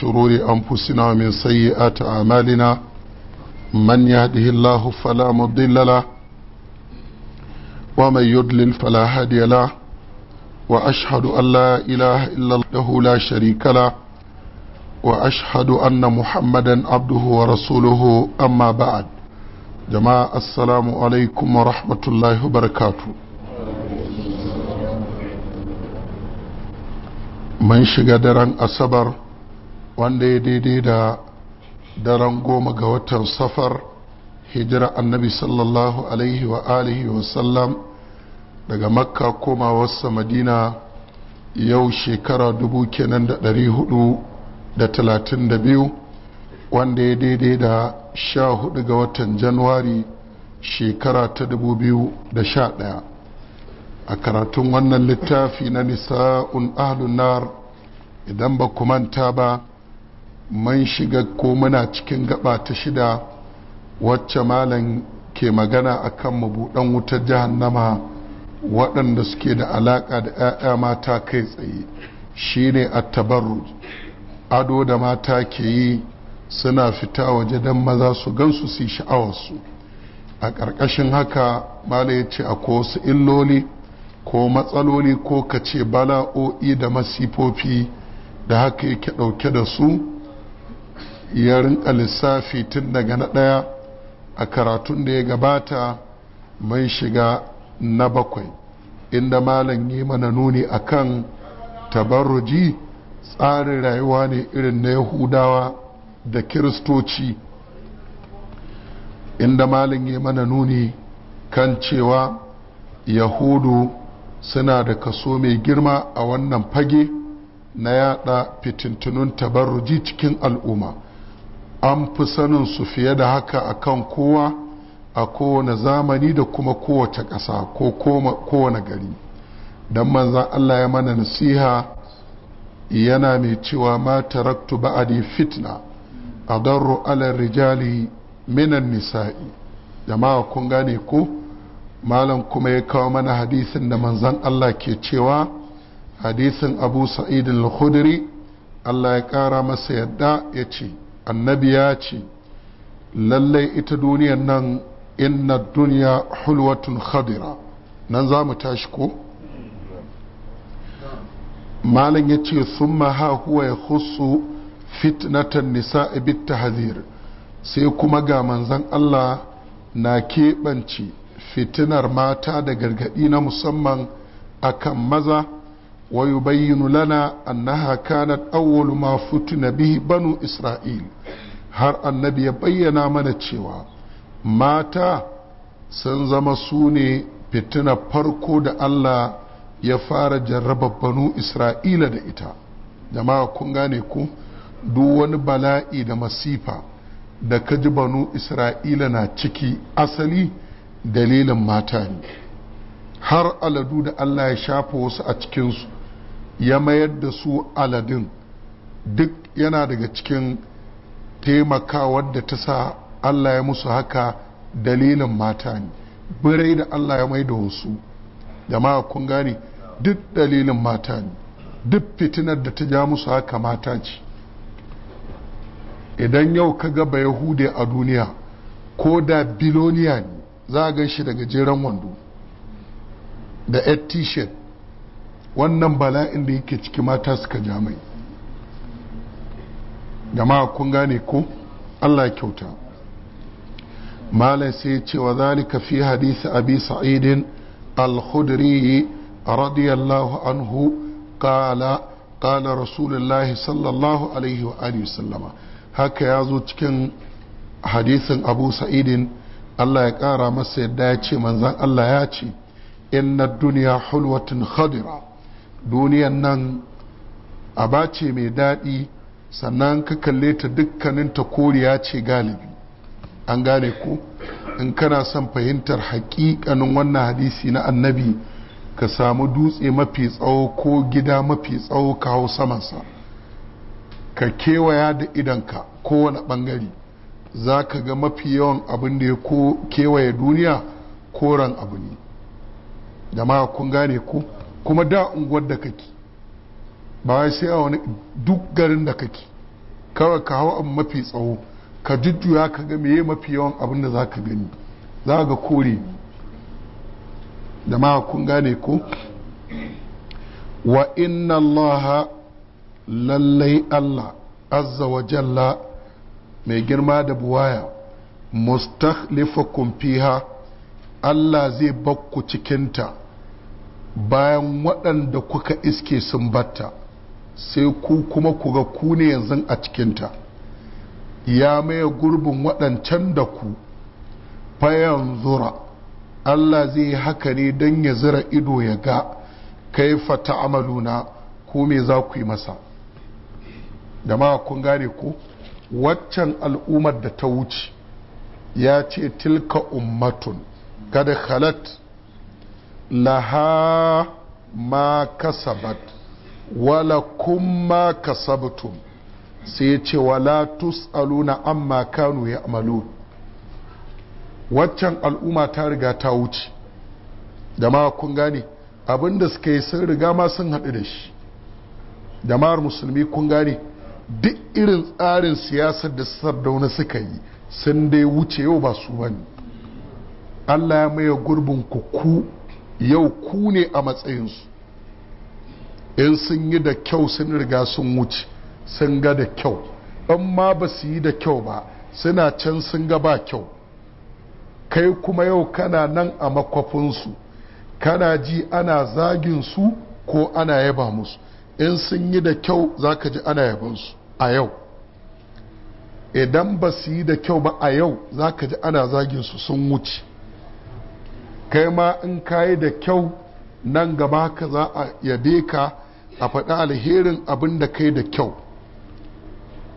شرور أنفسنا ومن سيئات أعمالنا من يهده الله فلا مضل له ومن يضلل فلا هادي له وأشهد أن لا إله إلا الله لا شريك له وأشهد أن محمدا عبده ورسوله أما بعد جماعة السلام عليكم ورحمة الله وبركاته من شجدرا أصبر wanda ya daidai da daren goma ga watan safar hijira annabi sallallahu alaihi wa alihi wa sallam daga makka koma wasa madina yau shekara dubu kenan da ɗari hudu da talatin da biyu wanda ya daidai da sha hudu ga watan januwari shekara ta dubu biyu da sha ɗaya a karatun wannan littafi na nisa'un ahlunar idan ba ku manta ba man shiga ko muna cikin gaba ta shida wacce malam ke magana a akan mabuɗan wutar jahannama waɗanda suke da alaƙa da 'ya'ya mata kai tsaye shine attabarruj ado da mata ke yi suna fita waje don maza su gansu su sha'awarsu a ƙarƙashin haka mala ya ce a wasu illoli ko matsaloli ko kace bala'o'i da masifofi da haka yake ɗauke da su ya rinka lissafi tun daga na ɗaya a karatun da ya gabata mai shiga na bakwai inda malam yi mana nuni kan tabarruji tsarin rayuwa ne irin na yahudawa da kiristoci inda malam yi mana nuni kan cewa yahudu suna da kaso mai girma a wannan fage na yada fitintunun tabarruji cikin al'umma an fi sanin su fiye da haka a kan kowa a kowane zamani da kuma kowace ƙasa ko kowane gari don manzan Allah ya mana nasiha yana mai cewa ma taraktu ba'adi fitna a darro alar rijali minan nisa'i jama'a kun gane ko malam kuma ya kawo mana hadisin da manzan Allah ke cewa hadisin abu sa'idin al Allah ya kara masa yadda ya ce annabi ya ce lallai ita duniyan nan inna duniya hulwatun khadira nan za mu tashi ko malam ya ce sun ha huwa ya husu fitnatan nisa ibit tahazir sai kuma ga manzan Allah na keɓance fitinar mata da gargaɗi na musamman akan maza ويبين لنا أنها كانت أول ما فتن به بنو إسرائيل har annabi ya bayyana mana cewa mata sun zama sune ne fitina farko da Allah ya fara jarraba banu Isra'ila da ita jama'a kun gane ku duk wani bala'i da masifa da kaji banu Isra'ila na ciki asali dalilin mata ne har aladu da Allah ya shafa wasu a cikinsu ya mayar da su aladin duk yana daga cikin taimakawar da ta sa Allah ya musu haka dalilin mata ne birai da Allah ya mai da wasu jama'a kun gane duk dalilin mata ne duk fitinar da ta ja musu haka mata ce idan yau ka gaba yahude a duniya ko da biloniya ne za a gan shi daga jeren wando da 8 t-shirt wannan bala'in da yake ciki mata suka ja mai jama'a kun gane ko Allah kyauta malai sai ce wa zalika fi hadisi abi sa'idin al-khudri radiyallahu anhu qala qala rasulullahi sallallahu alaihi wa alihi sallama haka ya zo cikin hadisin abu sa'idin Allah ya kara masa yadda ya ce manzan Allah ya ce inna duniya hulwatun khadira duniyan nan aba ce mai daɗi sannan ka kalle ta dukkanin ta koriya ce galibi an gane ku in kana son fahimtar haƙiƙanin wannan hadisi na annabi ka samu dutse mafi tsawo ko gida mafi tsawo ka hau samansa ka kewaya da idanka kowane ɓangare za ka ga mafi yawan abin da ya kewaye duniya koran abu ne da ma kun gane ku kuma da unguwar da kake ba sai a wani duk garin da kake kawai ka hau abu mafi tsawo ka jujjuya ka ga meye mafi yawan abin da za ka gani za ga kore ma kun gane ko wa inna allaha lallai allah azza wa jalla mai girma da buwaya mustakhlifakum fiha allah zai bakku cikinta bayan waɗanda kuka iske sun batta sai ku kuma ku ga ku ne yanzu a cikinta ya maye gurbin waɗancan da ku bayan zura Allah zai yi haka ne don ya zira ido ya ga kaifa amaluna ko me za ku yi masa da ma kun gane ko waccan al'ummar da ta wuce ya ce tilka ummatun kada khalat laha ma kasabat wala kuma kasabtum sai ya ce wala tus'aluna amma kanu ya amalu waccan al'umma ta riga ta wuce da ma kun gane abinda suka yi sun riga ma sun haɗu da shi jama'ar musulmi kun gane duk irin tsarin siyasar da sardauna suka yi sun dai wuce yau ba su bane allah ya maye gurbin kuku. yau ku ne a matsayinsu in sun yi da kyau sun riga sun wuce sun ga da kyau in ma ba su yi da kyau ba suna can sun ga ba kyau kai kuma yau kana nan a makwafinsu kana ji ana zagin su ko ana yaba musu in sun yi da kyau za ka ji ana yabansu a yau idan ba su yi da kyau ba a yau za ka ji ana zaginsu sun wuce kai ma in kayi da kyau nan gaba ka za a yabe ka a faɗi alherin abin da kai da kyau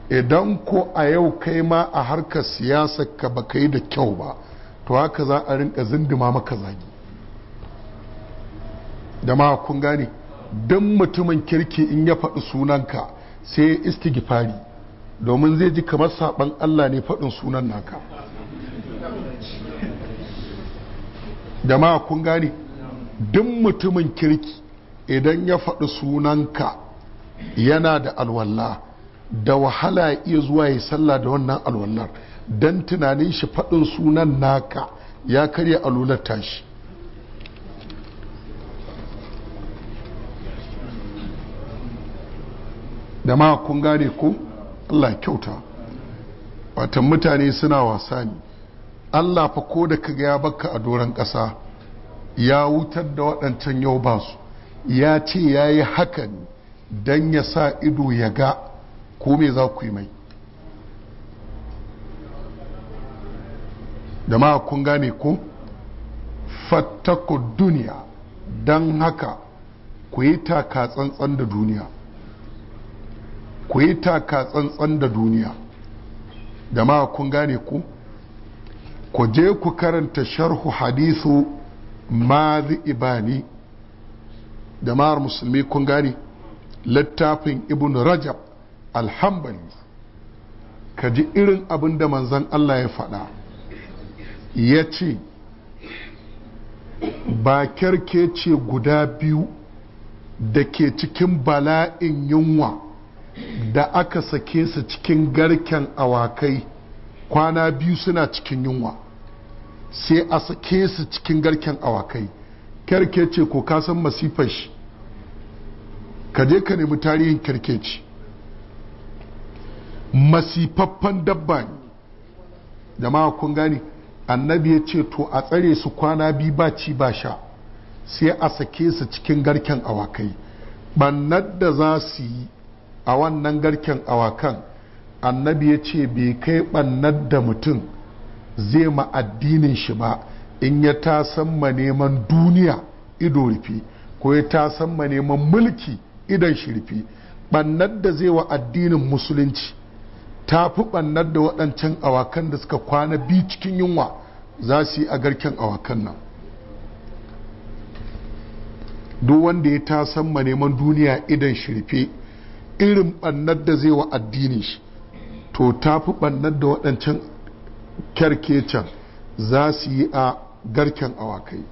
idan ko a yau kai ma a harkar siyasa ka ba kai da kyau ba to haka za a rinka zindima maka zagi ma kun gane don mutumin kirki in ya faɗi sunanka sai istigifari domin zai ji kamar saɓan Allah ne faɗin sunan naka jama'a kun gane duk mutumin kirki idan ya faɗi sunanka yana da alwala da wahala ya iya zuwa ya sallah da wannan alwallar don tunanin shi faɗin sunan naka ya karya alular tashi da ma kun gane ko Allah kyauta watan mutane suna wasa ne Allah fa ko da kaga ya baka a doron ƙasa ya wutar da waɗancan yau ba su ya ce ya yi hakan don ya sa ido ya ga ko me za ku yi mai jama'a kun gane ko fattako duniya don haka ku yi taka tsantsan da duniya ku yi taka tsantsan da duniya jama'a kun gane ko ku je ku karanta sharhu hadisu mazi ibani da mara musulmi kun gani littafin ibn rajab alhambali ka ji irin abin da manzan allah ya faɗa ya ce bakar ke ce guda biyu da ke cikin bala'in yunwa da aka sake su cikin garken awakai kwana biyu suna cikin yunwa sai a sake su cikin garken awakai kerkece ko kasan san shi ka je ka nemi tarihin kerkeci masifaffen dabba ne jama'a kun gani annabi ya ce to a tsare su kwana biyu ba ci ba sha sai a sake su cikin garken awakai bannar da za su yi a wannan garken awakan annabi ya ce bai kai ɓannar da mutum zai ma addinin shi ba in ya tasan ma neman duniya ido rufi ko ya tasan ma neman mulki idan shi rufi ɓannar da zai wa addinin musulunci ta fi ɓannar da waɗancan awakan da suka kwana bi cikin yunwa za su yi a garken awakan nan duk wanda ya tasan ma neman duniya idan shirfe irin ɓannar da zai wa addinin shi to ta fi ɓannar da waɗancan kyarkecen za su yi a garken awakai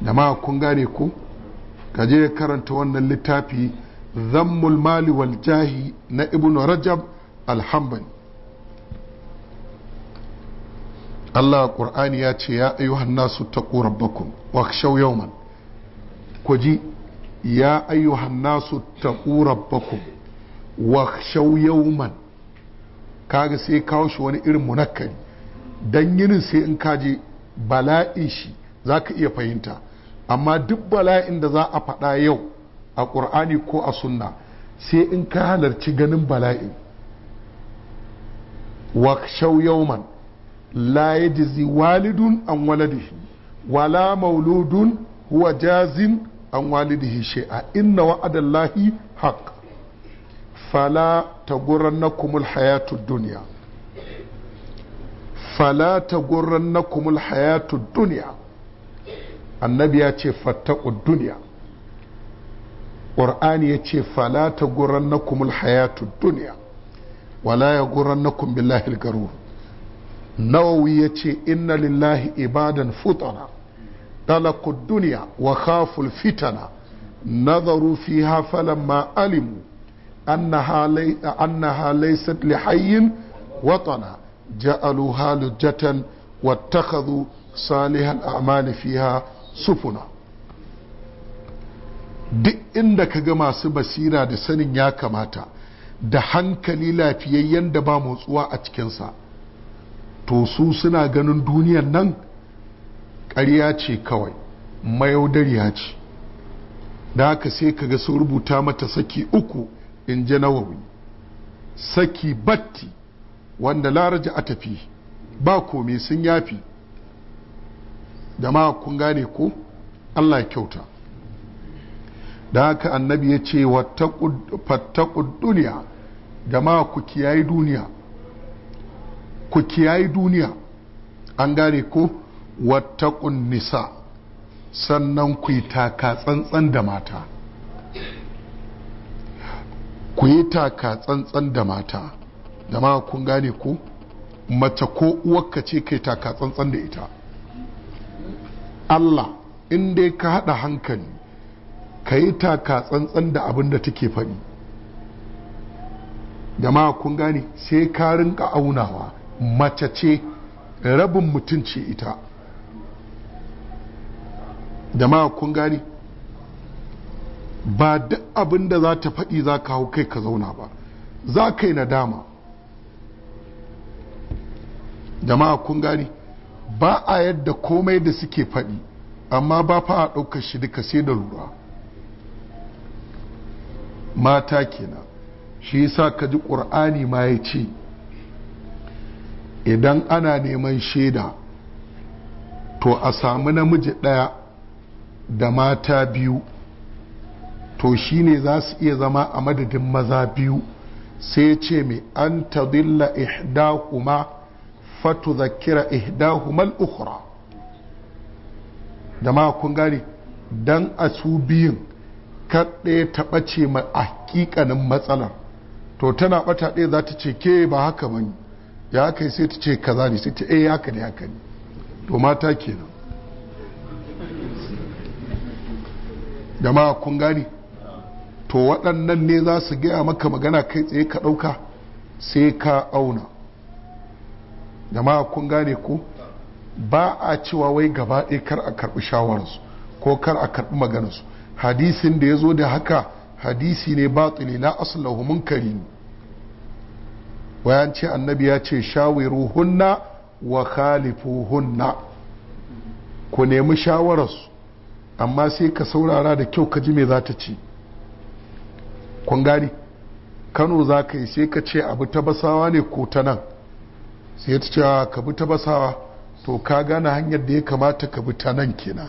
da ma kun gane ku ya karanta wannan littafi zammul mali wal jahi na ibn rajab alhambali Allah ƙur'ani ya ce ya ayyuhan nasu taqu rabbakum yau yawman ku ji ya ayyuhan nasu taqu rabbakum wa kaga sai kawo shi wani irin munakkari dan yinin sai in kaji bala'in shi za ka iya fahimta amma duk bala'in da za a faɗa yau a ƙur'ani ko a sunna sai in ka halarci ganin bala'in wa yawman la yajzi walidun an waladihi wala mauludun huwa jazin an walidihi shay'a inna wa'adallahi haqq fala ta kumul hayatu duniya fala ta kumul hayatu duniya annabi ya ce fattaku duniya ƙur'ani ya ce fala ta na kumul hayatu duniya wala ya gurrannakum billahi garur nawawi ya ce inna lillahi ibadan futana talaku duniya wa khaful fitana nazaru fiha falamma alimu أنها ليست لحي وطنا جعلوها لجة واتخذوا صالح الأعمال فيها سفنا duk inda ka ga masu basira da sanin ya kamata da hankali lafiyayyen da ba motsuwa a cikinsa to su suna ganin duniyan nan ƙarya ce kawai mayaudariya ce da haka sai ka ga sun rubuta mata saki uku in ji nawawi saki batti wanda laraja a tafi ba komai sun yafi ma kun gane ko Allah ya kyauta da haka annabi ya ce fattakud duniya ma ku kiyayi duniya ku kiyaye duniya an gane ko wattakun nisa sannan ku yi taka tsantsan da mata ku yi taka tsantsan da mata da ma kun gane ku mace ko uwarka ce kai taka tsantsan da ita Allah in dai ka haɗa hankali ka yi taka tsantsan da abin da take faɗi ma kun gane sai ka rinka aunawa mace ce rabin mutum ce ita ma kun gane ba duk abin da za ta faɗi za ka hau kai ka zauna ba za ka yi nadama jama'a kun gani ba a yadda komai da suke faɗi amma ba fa a ɗaukar shi duka sai da lura mata kenan shi yasa ka ji ƙur'ani ma ya ce idan ana neman shaida to a sami namiji ɗaya da mata biyu to shine za su iya zama a madadin maza biyu sai ce mai an tadilla ihdahuma fatu zakira ihdahumal ukhra da kun gane don a su biyun kaɗe ta ɓace ma hakikanin matsalar to tana ɓata ɗaya za ta ce ke ba haka ba ya kai sai ta ce kaza ne sai ta eh haka ne haka ne to mata kenan da kun gane to waɗannan ne za su gaya maka magana kai tsaye ka ɗauka sai ka auna jama'a kun gane ku. ba a cewa wai gaba ɗaya kar a karɓi shawararsu ko kar a karɓi maganarsu hadisin da ya zo da haka hadisi ne batili la aslahu munkari ne bayan annabi ya ce hunna wa hunna. ku nemi shawararsu amma sai ka saurara da kyau ka ji me za ta ci kun gani kano za ka yi sai ka ce abu ta basawa ne ko ta nan sai ta cewa ka bi ta basawa to ka gane hanyar da ya kamata ka bi ta nan kenan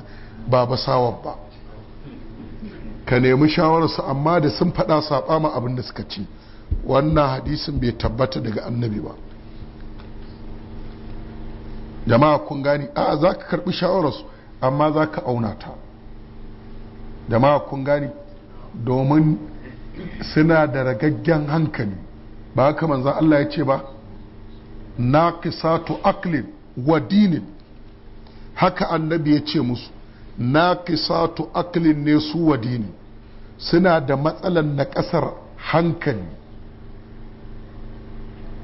ba basawa ba ka nemi shawararsu amma da sun faɗa saɓa ma abin da suka ci wannan hadisin bai tabbata daga annabi ba jama'a kun gani a za ka karɓi shawararsu amma za ka auna ta jama'a kun gani domin suna da ragaggen hankali ba haka manzan Allah ya ce ba naqisatu aqlin wa dinin haka annabi ya ce musu naqisatu aqlin ne su wa dini suna da matsalan na ƙasar hankali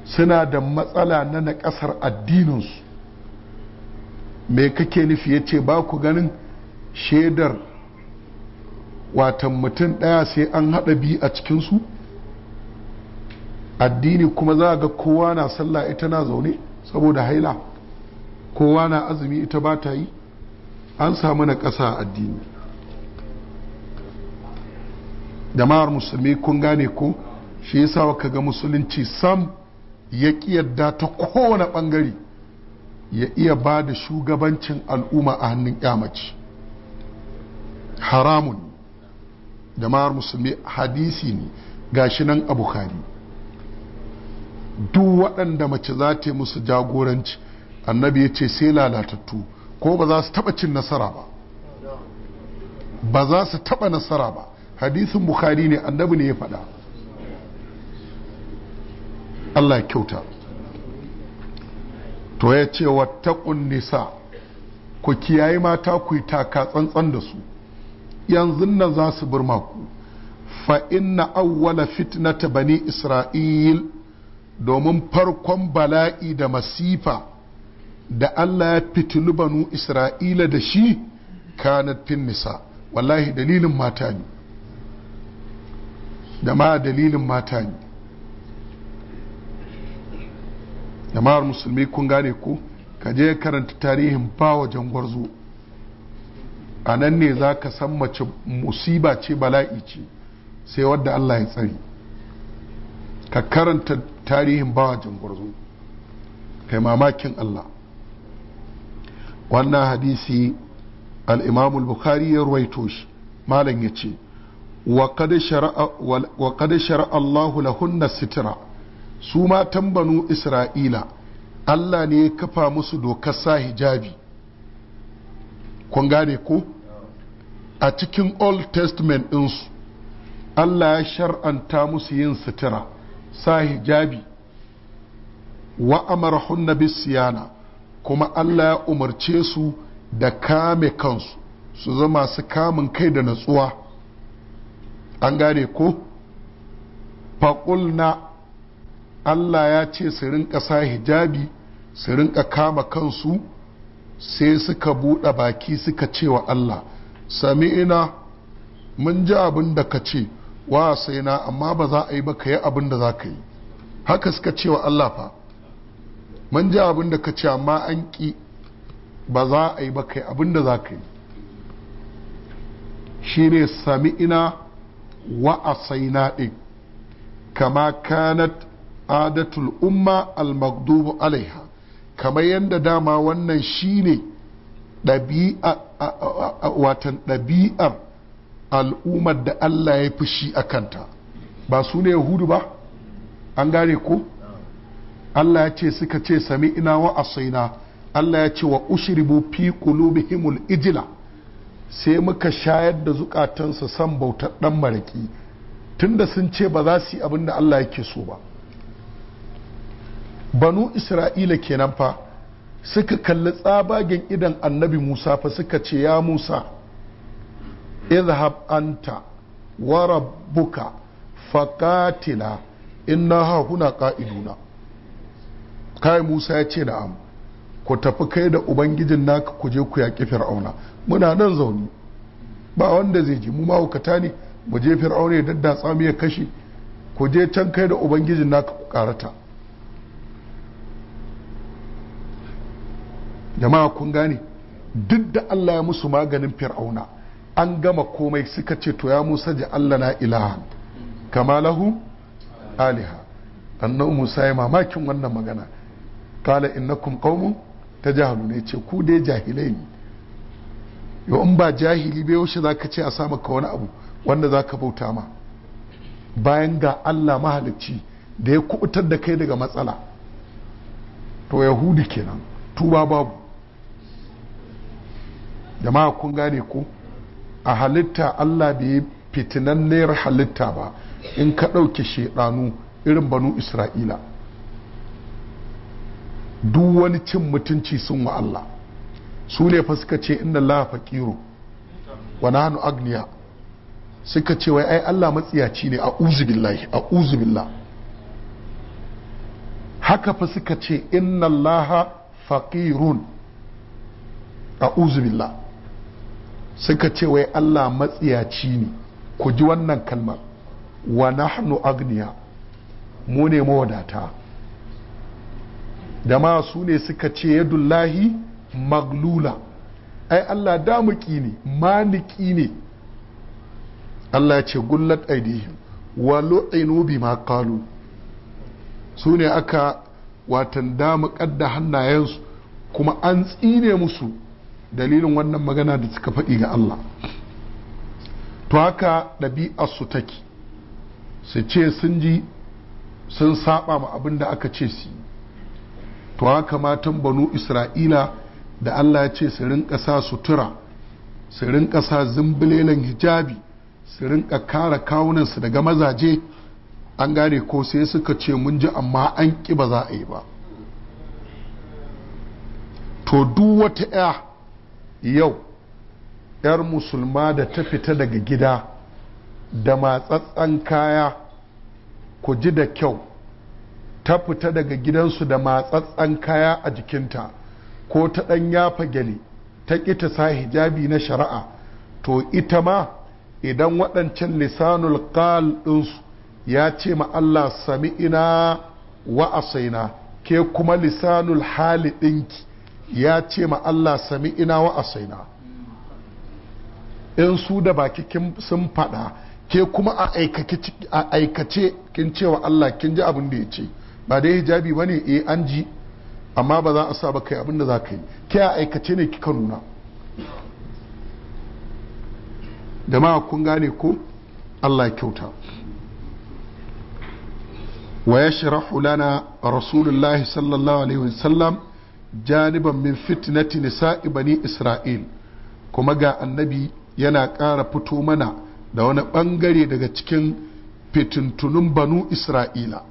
suna da matsala na na ƙasar addininsu me kake nufi ya ce ba ku ganin shaidar watan mutum ɗaya sai an haɗa biyu a cikinsu addini kuma za ga kowa na sallah ita na zaune saboda haila kowa na azumi ita ba ta yi an samu na ƙasa addini jama'ar musulmi kun gane ko shi yasa waka ga musulunci sam ya yadda ta kowane ɓangare ya iya ba da shugabancin al'umma a hannun ƙyamaci haramun jama'ar musulmi hadisi ne ga shi nan a bukhari duk waɗanda mace za ta yi musu jagoranci annabi ya ce sai lalatattu ko ba za su taɓa cin nasara ba ba za su taɓa nasara ba hadisin bukari ne annabi ne ya faɗa Allah ya kyauta to ya ce wattaqun nisa ku kiyaye mata ku yi taka tsantsan da su yanzu nan za su burma ku fa inna awwala fitnata bani isra'il domin farkon bala'i da masifa da Allah ya fitilu banu isra'ila da shi kanat fin nisa wallahi dalilin mata ne da ma dalilin mata ne jama'ar musulmi kun gane ku? ka je karanta tarihin bawa jangwarzo a nan ne za ka san mace musiba ce bala'i ce sai wadda Allah ya tsari ka karanta tarihin bawa jangwarzo kai mamakin Allah wannan hadisi al'imamul bukhari ya ruwaito shi malam ya ce wa kada shara'a Allahu lahunna sitira su matan banu Isra'ila Allah ne ya kafa musu dokar sa hijabi kun gane ko? a cikin old testament ɗinsu Allah ya shar'anta musu yin sutura sa hijabi wa amarahunna bisiyana kuma Allah ya umarce su da kame kansu su zama su kamun kai da natsuwa an gane ko faƙulna Allah ya ce su rinka sa hijabi su rinka kama kansu sai suka buɗe baki suka ce wa Allah sami'ina mun ji abin da ka ce wa sai na amma ba za a yi ba ka yi abin da za ka yi haka suka ce wa Allah fa mun ji abin da ka ce amma an ƙi ba za a yi ba ka yi abin da za ka yi shi ne sami'ina wa a sai na ɗin kama kanat adatul umma al-magdubu alaiha kamar yadda dama wannan shi ne watan ɗabi'ar al'ummar da Allah ya shi a kanta ba su ne yahudu ba an gane ko Allah ya ce suka ce sami ina wa asaina Allah ya ce wa ushribu fi qulubihimul ijila sai muka shayar da zukatansu san bautar dan maraki tunda sun ce ba za su yi abin da Allah yake so ba banu isra'ila kenan fa suka kalli tsabagen idan annabi musa fa suka ce ya musa izhab anta wa rabbuka faƙatila inna huna qa'iduna kai musa ya ce na'am ku tafi kai da ubangijin naka ku je ku yaƙi fir'auna muna nan zaune ba wanda zai ji mu mahaukata ne mu je fir'auna ya daddatsa mu ya kashe ku je can kai da ubangijin naka ku karata jama'a kun gane duk da Allah ya musu maganin fir'auna an gama komai suka ce to ya musa ji Allah na ilaha kama lahu aliha annabi musa ya mamakin wannan magana kala innakum qaumun tajahalu ne ce ku dai jahilai ne yau in ba jahili ba yaushe zaka ce a samu ka wani abu wanda zaka bauta ma bayan ga Allah mahalicci da ya kubutar da kai daga matsala to yahudi kenan tuba babu jama'a kun gane ku a halitta Allah bai fitinanniyar halitta ba in ka ɗauke shaidanu irin banu isra'ila duk wani cin mutunci sun wa Allah su ne fa suka ce inna Allah faqiru wa nahnu agniya suka ce wai ai Allah matsiyaci ne a'udhu billahi a'udhu billah haka fa suka ce inna Allah faqirun a'udhu billah suka ce wai Allah matsiyaci ne ku ji wannan kalmar wa hannu agniya mu ne mawadata da ma su ne suka ce yadullahi maglula ai Allah damuki ne maniki ne Allah ce gullat aidihim wa lu'inu bima qalu su ne aka watan damu kadda hannayensu kuma an tsine musu dalilin wannan magana da suka faɗi ga Allah to haka ɗabi'arsu take su ce sun ji sun saba ma abin da aka ce su to haka matan banu isra'ila da Allah ya ce su rinƙa sa sutura su rinƙa sa zumbulelan hijabi su rinƙa kara kawunansu daga mazaje an gane ko sai suka ce mun ji amma an ƙi ba za a yi ba to duk wata 'ya yau 'yar musulma da ta fita daga gida da matsatsan kaya ku ji da kyau ta fita daga gidansu da matsatsan kaya a jikinta ko ta ɗan yafa gyale ta ƙi ta sa hijabi na shari'a to ita ma idan waɗancan lisanul qal ɗinsu ya ce ma Allah sami'ina wa asaina ke kuma lisanul hali ɗinki ya ce ma Allah sami ina wa asaina in su da baki sun faɗa ke kuma a aikace kin cewa Allah kin ji abin da ya ce ba dai hijabi ba ne eh an ji amma ba za a sa ba kai abin da za ka yi ke a aikace ne kika nuna da ma kun gane ko Allah ya kyauta wa ya lana rasulullahi sallallahu alaihi wasallam janiban min fitnati nisa'i bani isra'il kuma ga annabi yana ƙara fito mana da wani ɓangare daga cikin fitintunun banu isra'ila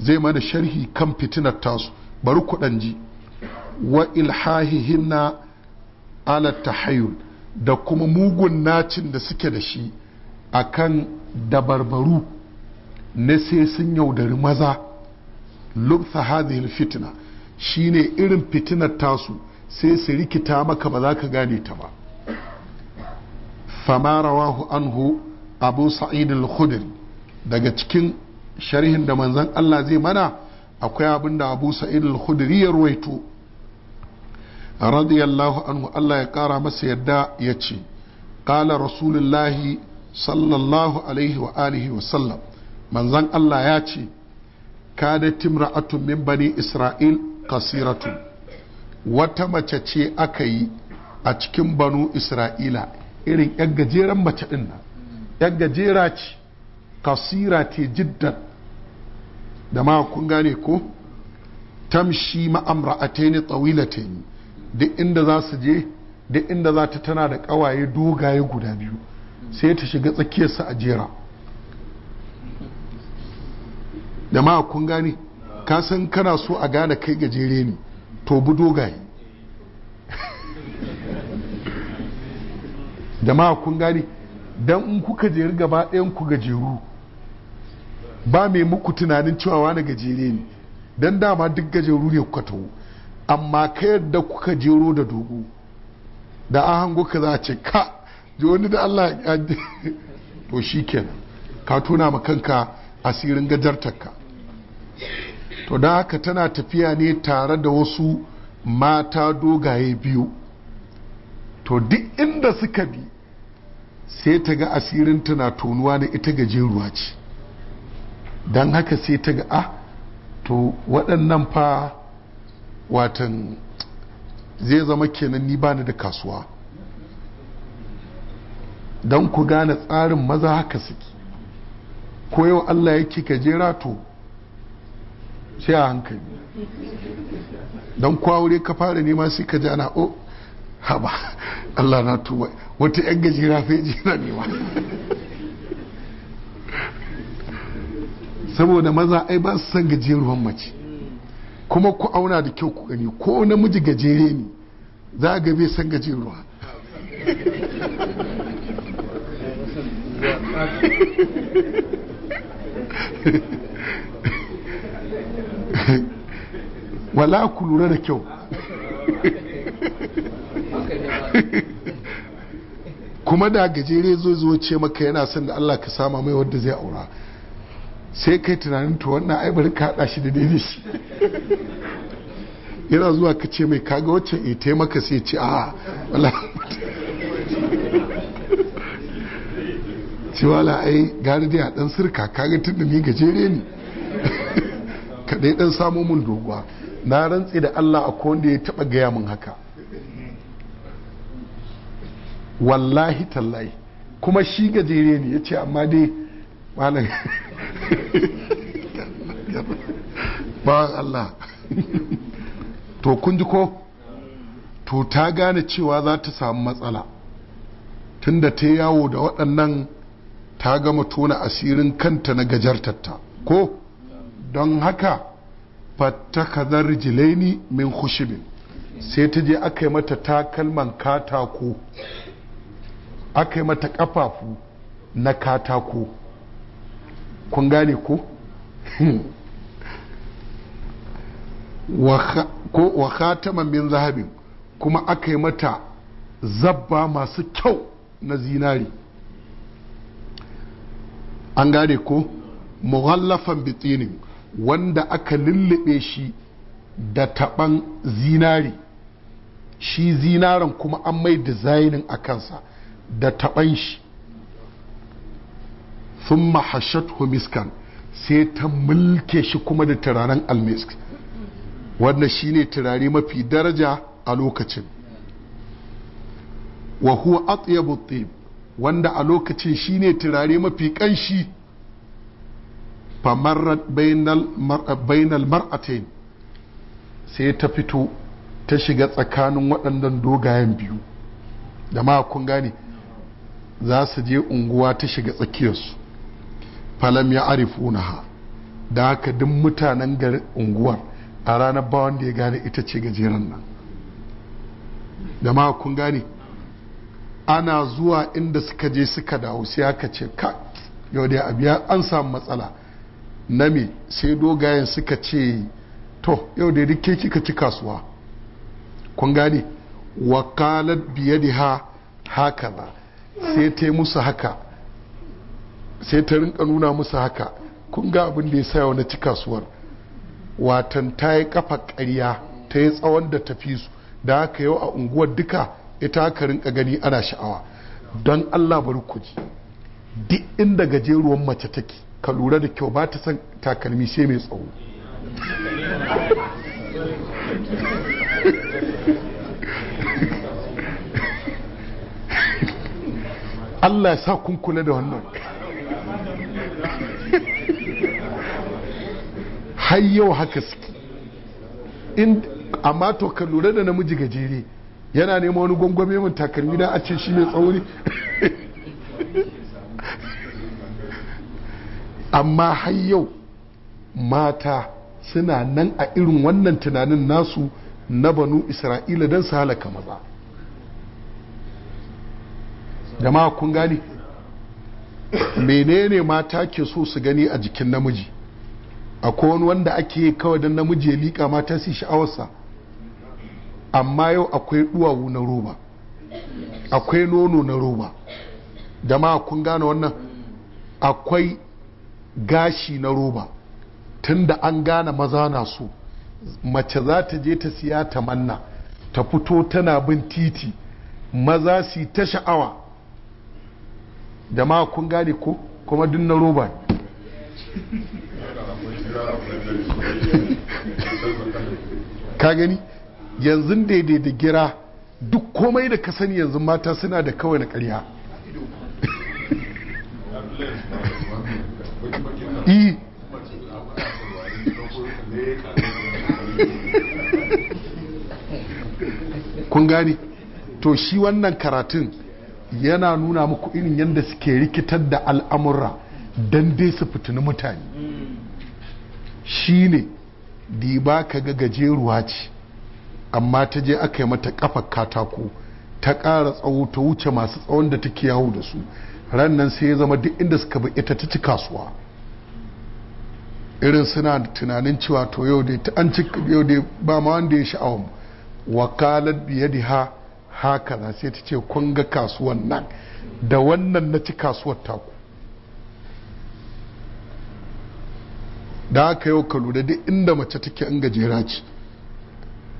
zai mana sharhi kan fitinar tasu bari kuɗan ji wa ilhahihinna ala tahayyul da kuma mugun nacin da suke da shi akan dabarbaru na sai sun yaudari maza lubtha hadhihi fitna shine irin fitinar tasu sai su rikita maka ba za ka gane ta ba Famarawahu anhu abu sa'id al-khudri daga cikin sharhin da manzon Allah zai mana akwai abin da abu sa'id al-khudri ya ruwaito radiyallahu anhu Allah ya kara masa yadda ya ce qala rasulullahi sallallahu alaihi wa alihi wa sallam manzon Allah ya ce kada timra'atun min bani isra'il kasiratu wata mace ce aka yi a cikin banu isra'ila irin yan gajeren mace din nan yan gajera ce kasira ce jiddan da ma kun gane ko tamshi ma'amra'ataini tawilataini duk inda za su je duk inda za ta tana da kawaye dogaye guda biyu sai ta shiga tsakiyarsa a jera da ma kun gane ka san kana so a gane kai gajere ne to bu dogaye jama'a kun gani don in kuka jeri gaba ɗayan ku gajeru ba mai muku tunanin cewa wani gajere ne don dama duk gajeru ne kuka taho amma ka yadda kuka jero da dogo da an hango ka za a ce ka ji wani da Allah to shi ka tona ma kanka asirin gajartarka to don haka tana tafiya ne tare da wasu mata dogaye biyu to duk inda suka bi sai ta ga asirin tana tonuwa da ita gajeruwa ce don haka sai ta ga a ah, to waɗannan fa watan zai zama kenan ni bani da kasuwa don ku gane tsarin maza haka suke ko yau Allah yake gajera to sai a hankali don kwawure ka fara nema sai ka ji ana o haba Allah na tuba wata yan gajera fai na nema saboda maza ai ba su san gajeruwan mace kuma ku auna da kyau ku gani ko namiji gajere ne za ga bai san gajeruwa wala ku lura da kyau kuma da gajere zo zo ce maka yana son da Allah ka sama mai wadda zai aura sai kai tunanin to wannan ai bari ka hada shi da daidai shi yana zuwa ka ce mai kaga wacce eh, ita maka sai ce a wala cewa wala ai gari dai a dan sirka kaga tunda ni gajere ne kaɗai ɗan samo mun doguwa na rantse da Allah a wanda ya taɓa gaya mun haka wallahi tallahi kuma shi gajere ne ya ce amma dai malam bawan Allah to kun ji ko to ta gane cewa za ta samu matsala tunda ta yawo da waɗannan ta gama tona asirin kanta na gajartatta ko don haka fata fattakazar jilaini min khushibin sai ta je aka yi mata takalman katako aka yi mata kafafu na katako kun gane ko wa min zahabin kuma aka yi mata zabba masu kyau na zinari an gane ko muhallafan bitinin wanda aka lullube shi da taban zinari shi zinaren kuma an mai dizainin a kansa da taban shi sun mahashat sai ta mulke shi kuma da turaren almisk wanda shi ne turare mafi daraja a lokacin wahuwa huwa atyabu wanda a lokacin shi ne turare mafi kanshi famarrat bainal mar'atain sai ta fito ta shiga tsakanin waɗannan dogayen biyu da ma kun gane za su je unguwa ta shiga tsakiyarsu falam ya ha da haka duk mutanen garin unguwar a ranar bawan da ya gane ita ce gajeren nan da ma kun gane ana zuwa inda suka je suka dawo sai aka ce ka yau dai abiya an samu matsala na me sai dogayen suka ce to yau da rike kika ci kasuwa kun gane wakalar ha haka ba sai ta musu haka sai ta rinka nuna musu haka kun ga abin da ya sa na ci kasuwar watan ta yi kafa ƙarya ta yi tsawon da tafi su da haka yau a unguwar duka ita haka rinka gani ana sha'awa don allah bari ku ji duk inda gajeruwan mace take ka lura da kyau ba ta san takalmi sai mai tsawo Allah ya sa kun kula da wannan har yau haka suke amma to ka lura da namiji gajere yana neman wani gwangwame mun takalmi na a ce shi mai tsawo ne amma har yau mata suna nan a irin wannan tunanin nasu na banu isra'ila don su halaka maza jama'a kun gani menene mata ke so su gani a jikin namiji A wani wanda ake kawai don namiji ya liƙa mata su sha'awarsa amma yau akwai duwawu na roba akwai nono na roba jama'a kun gane wannan akwai gashi na roba tunda an gane maza na so mace za ta je ta siya ta manna ta fito tana bin titi maza su ta sha'awa jama'a kun gane ko kuma duk na roba ka gani yanzu daidai da gira duk komai da ka sani yanzu mata suna da kawai na karya kun gane to shi wannan karatun yana nuna muku irin yadda suke rikitar da al'amura don dai su fitini mutane shi ne diba ka ga gajeruwa ce amma ta je aka yi mata kafa katako ta ƙara tsawo ta wuce masu tsawon da take yawo da su ran nan sai ya zama duk inda suka bi ita ta ci kasuwa irin suna da tunanin cewa to yau dai ta an ci yau dai ba ma wanda ya ba. wakalar haka na sai ta ce kun ga kasuwan nan da wannan na ci kasuwar taku da aka yau ka lura duk inda mace take in gajera ci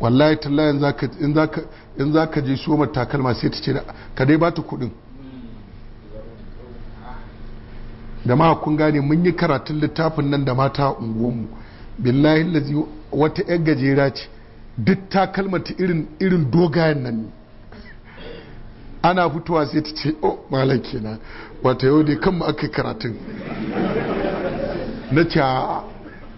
wallahi tallahi in za ka je shoma takalma sai ta ce ka dai ba ta kudin da ma kun gane mun yi karatun littafin nan da mata unguwanmu billahi lazi wata yan gajera ce duk ta kalmata irin irin dogayen nan ne ana fitowa sai ta ce oh malam kenan wata yau ne kanmu aka karatun na ce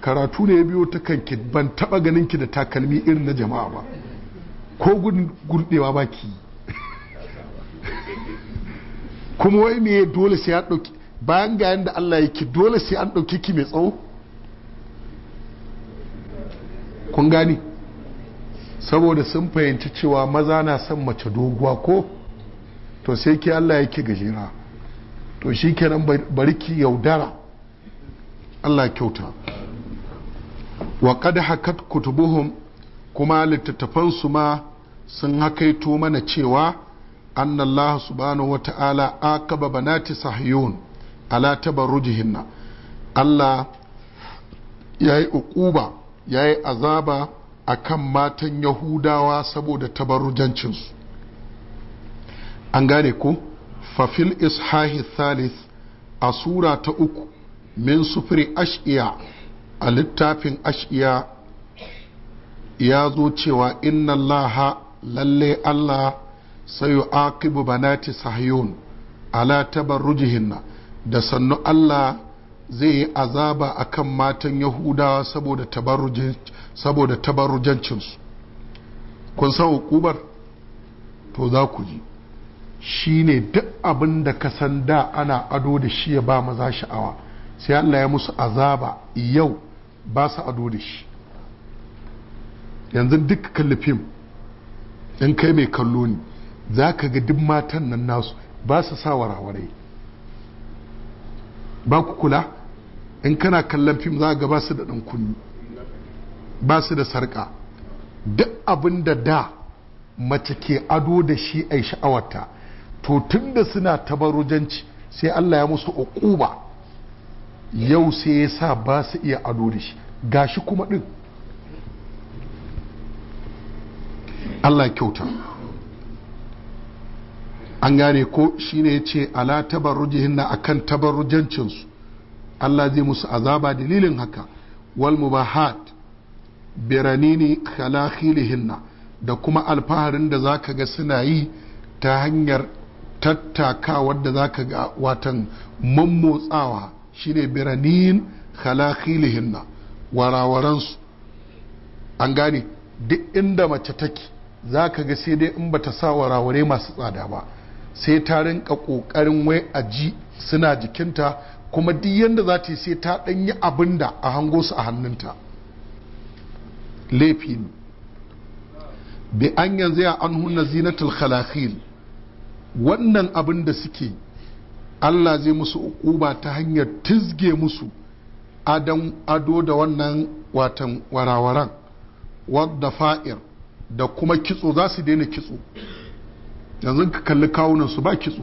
karatu ne ya biyo ta kanki ban taba ganin ki da takalmi irin na jama'a ba ko gudun gurdewa ba ki kuma wai me dole sai ya dauki bayan ga yanda Allah yake dole sai an dauki ki mai tsawo kun gani saboda sun fahimci cewa maza na son mace doguwa ko to sai ke Allah yake gajera to shi kenan bari ki yaudara Allah kyauta wa qad hakat kutubuhum kuma littattafansu ma sun hakaito mana cewa anna Allah subhanahu wata'ala akaba banati sahiyun ala tabarrujihinna Allah yayi uquba yayi azaba akan matan yahudawa saboda tabarrujancinsu an gane ku fafil ishahi thalith a sura ta uku min sufuri ashiya a littafin ashiya ya zo cewa inna laha lalle allah yi akibu banati sahiyun ala tabarrujihinna da sannu allah zai yi azaba a kan matan yahudawa saboda tabarujancinsu kun san hukubar to za ku ji shi ne duk abin da ka san da ana ado da shi ya ba maza sha'awa sai Allah ya musu azaba yau ba su ado da shi yanzu duk kallifin. in kai mai kallo ne za ka ga duk matan nan nasu ba su sa warawarai ba ku kula in kana kallon fim za ga basu da ɗan kunni ba su da sarƙa duk abin da da mace ke ado da shi a sha'awarta to tunda suna tabarujanci sai Allah ya musu uquba yau sai ya sa ba su iya ado da shi gashi kuma ɗin Allah kyauta an gane ko shine ya ce ala tabarujihinna akan tabarujancinsu Allah zai musu azaba dalilin haka wal mubahat biranini khalakhilihinna da kuma alfaharin da zaka ga suna yi ta hanyar tattakawa da zaka ga watan mammotsawa shine biranin khalakhilihinna warawaransu an gane duk inda mace take zaka ga sai dai in bata sa waraware masu tsada ba sai ta rinka kokarin wai a ji suna jikinta kuma duk yadda za ta yi sai ta ɗanyi abin da a hango su a hannunta laifi ne bi an yanzu ya an hunna zinatul khalakhil wannan abin da suke Allah zai musu ukuba ta hanyar tizge musu adon ado da wannan watan warawaran wadda fa'ir da kuma kitso za su daina kitso yanzu ka kalli kawunan su ba kitso